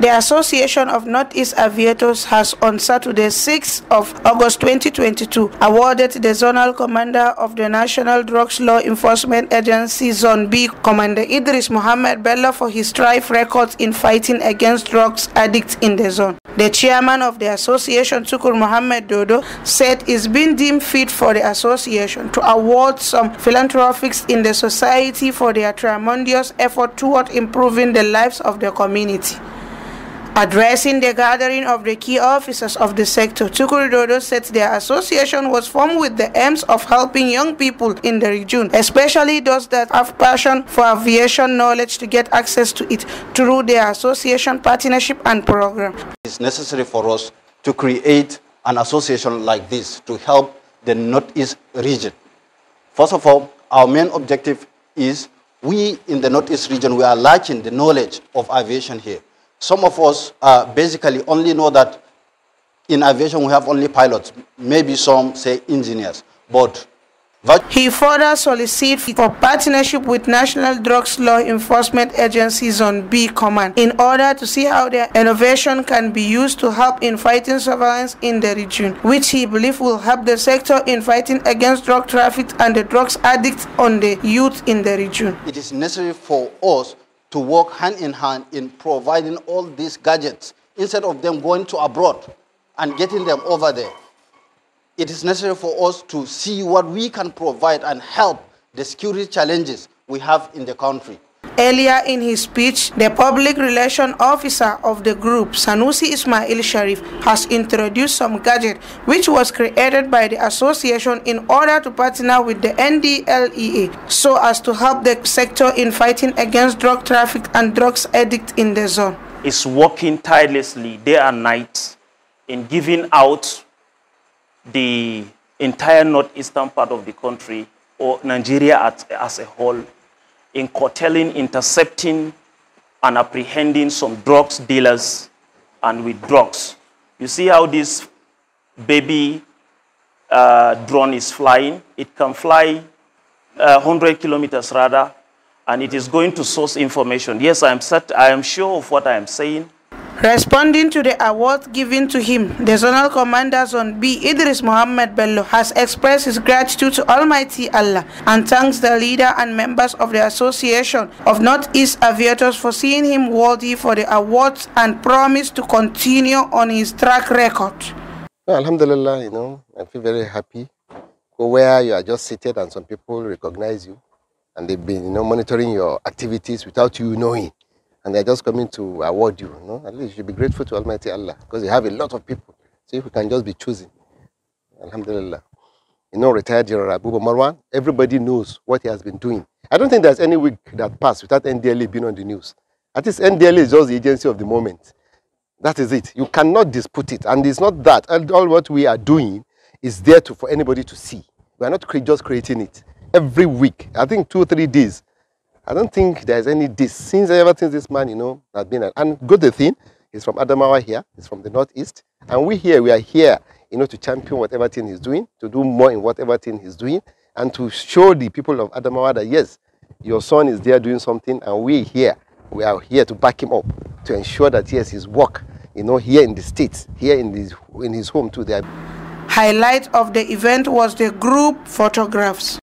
The Association of Northeast Aviators has on Saturday 6th of August 2022 awarded the Zonal Commander of the National Drugs Law Enforcement Agency Zone B Commander Idris Mohammed Bella, for his strife records in fighting against drugs addicts in the zone. The chairman of the association Tukur Mohammed Dodo said it's been deemed fit for the association to award some philanthropics in the society for their tremendous effort toward improving the lives of the community. Addressing the gathering of the key officers of the sector, Tukuridodo said their association was formed with the aims of helping young people in the region, especially those that have passion for aviation knowledge to get access to it through their association partnership and program. It's necessary for us to create an association like this to help the Northeast region. First of all, our main objective is we in the Northeast region, we are lacking the knowledge of aviation here. Some of us uh, basically only know that in aviation we have only pilots, maybe some say engineers, but he further solicits for partnership with national drugs law enforcement agencies on B Command in order to see how their innovation can be used to help in fighting surveillance in the region, which he believes will help the sector in fighting against drug traffic and the drugs addicts on the youth in the region. It is necessary for us to work hand in hand in providing all these gadgets instead of them going to abroad and getting them over there. It is necessary for us to see what we can provide and help the security challenges we have in the country. Earlier in his speech, the public relation officer of the group, Sanusi Ismail Sharif, has introduced some gadget which was created by the association in order to partner with the NDLEA so as to help the sector in fighting against drug traffic and drugs addict in the zone. Is working tirelessly day and night in giving out the entire northeastern part of the country or Nigeria at as a whole in curtailing, intercepting, and apprehending some drugs dealers and with drugs. You see how this baby uh, drone is flying? It can fly uh, 100 kilometers rather, and it is going to source information. Yes, I am, set, I am sure of what I am saying, Responding to the award given to him, the Zonal Commander Zone B, Idris Mohammed Bello, has expressed his gratitude to Almighty Allah and thanks the leader and members of the Association of Northeast Aviators for seeing him worthy for the awards and promise to continue on his track record. Well, Alhamdulillah, you know, I feel very happy. Where you are just seated and some people recognize you and they've been, you know, monitoring your activities without you knowing and they're just coming to award you. no? At least you should be grateful to Almighty Allah because you have a lot of people. See if you can just be choosing, Alhamdulillah. You know, retired General Abu Marwan, everybody knows what he has been doing. I don't think there's any week that passed without NDLA being on the news. At least NDLA is just the agency of the moment. That is it. You cannot dispute it. And it's not that. All what we are doing is there to, for anybody to see. We are not cre just creating it. Every week, I think two, or three days, I don't think there's any this since ever since this man, you know, has been. And good the thing, he's from Adamawa here, he's from the northeast, and we here, we are here, you know, to champion whatever thing he's doing, to do more in whatever thing he's doing, and to show the people of Adamawa that yes, your son is there doing something, and we here, we are here to back him up, to ensure that yes, his work, you know, here in the states, here in his in his home too. There. Highlight of the event was the group photographs.